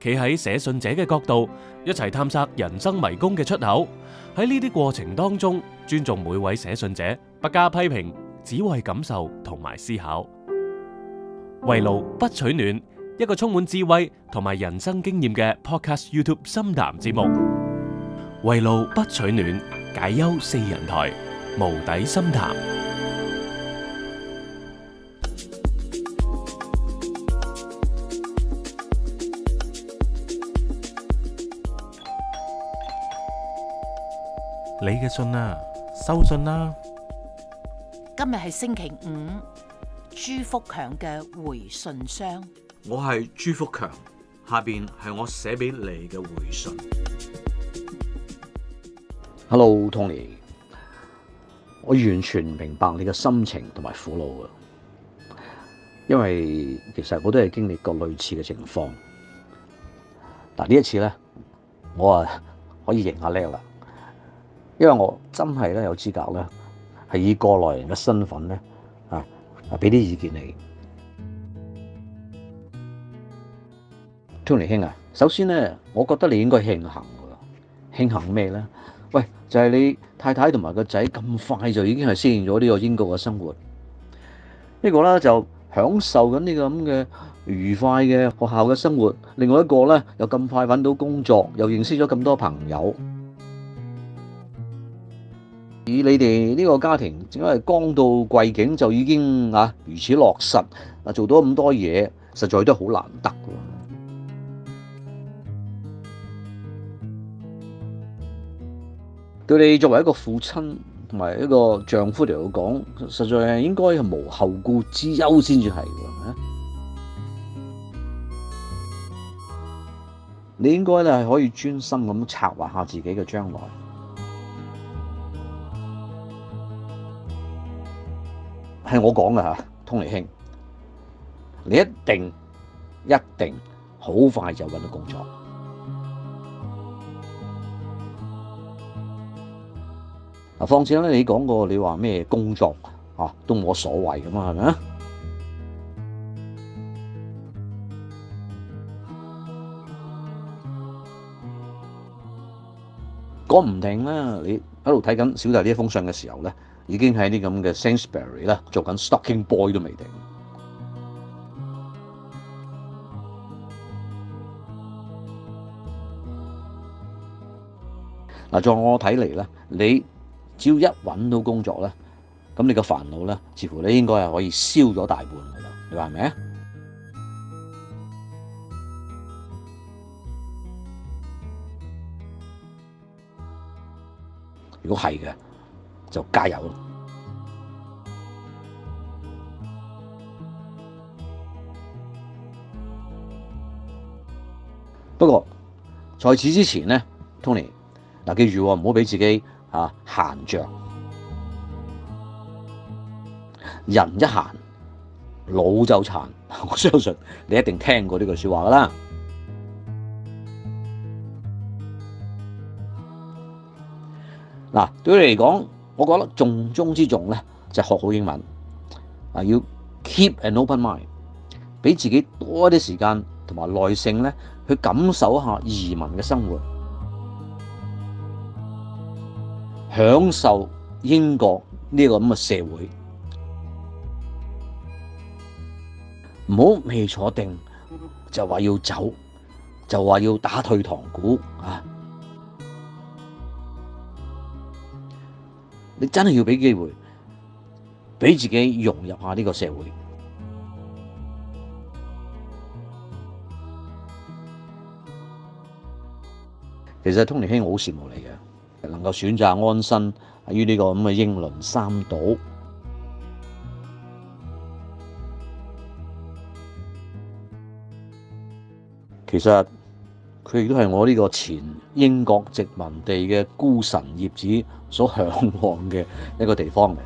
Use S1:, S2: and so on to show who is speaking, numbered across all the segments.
S1: 企喺寫信者嘅角度，一齊探索人生迷宮嘅出口。喺呢啲過程當中，尊重每位寫信者，不加批評，只為感受同埋思考。圍爐不取暖，一個充滿智慧同埋人生經驗嘅 Podcast YouTube 深談節目。圍爐不取暖，解憂四人台，無底深談。你嘅信啦、啊，收信啦、
S2: 啊！今
S1: 日係星期五，朱福強嘅回信箱。我係朱福強，下邊係我寫俾你嘅回信。Hello，Tony，我完全明白你嘅心情同埋苦惱啊，因為其實我都係經歷過類似嘅情況。嗱呢一次咧，我啊可以認下叻啦！因為我真係咧有資格咧，係以過來人嘅身份咧，啊啊，俾啲意見你。Tony 兄啊，首先咧，我覺得你應該慶幸㗎，慶幸咩咧？喂，就係你太太同埋個仔咁快就已經係適應咗呢個英國嘅生活。一個咧就享受緊呢個咁嘅愉快嘅學校嘅生活。另外一個咧，又咁快揾到工作，又認識咗咁多朋友。以你哋呢個家庭，因為剛到貴境就已經啊如此落實啊做到咁多嘢，實在都好難得。對你作為一個父親同埋一個丈夫嚟講，實在係應該係無後顧之憂先至係。你應該咧係可以專心咁策劃下自己嘅將來。係我講嘅嚇，通利兄，你一定一定好快就搵到工作。嗱，況且咧，你講過你話咩工作嚇都冇所謂㗎嘛，係咪啊？講唔定啦，你一路睇緊小弟呢封信嘅時候咧。已經喺啲咁嘅 Sainsbury 啦，做緊 Stocking Boy 都未定。嗱，在我睇嚟咧，你只要一揾到工作咧，咁你個煩惱咧，似乎咧應該係可以消咗大半噶啦，你話係咪啊？如果係嘅。就加油。不過在此之前咧，Tony 嗱，記住唔好俾自己啊閒着。人一閒老就殘。我相信你一定聽過呢句説話㗎啦。嗱，對你嚟講，我覺得重中之重咧就學好英文啊，要 keep an open mind，俾自己多啲時間同埋耐性咧去感受一下移民嘅生活，享受英國呢個咁嘅社會。唔好未坐定就話要走，就話要打退堂鼓啊！你真係要俾機會，俾自己融入下呢個社會。其實通年兄好羨慕你嘅，能夠選擇安身於呢個咁嘅英倫三島。其實。佢亦都係我呢個前英國殖民地嘅孤臣孽子所向往嘅一個地方嚟。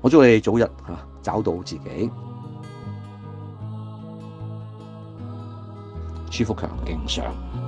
S1: 我祝你早日找到自己，朱福強敬上。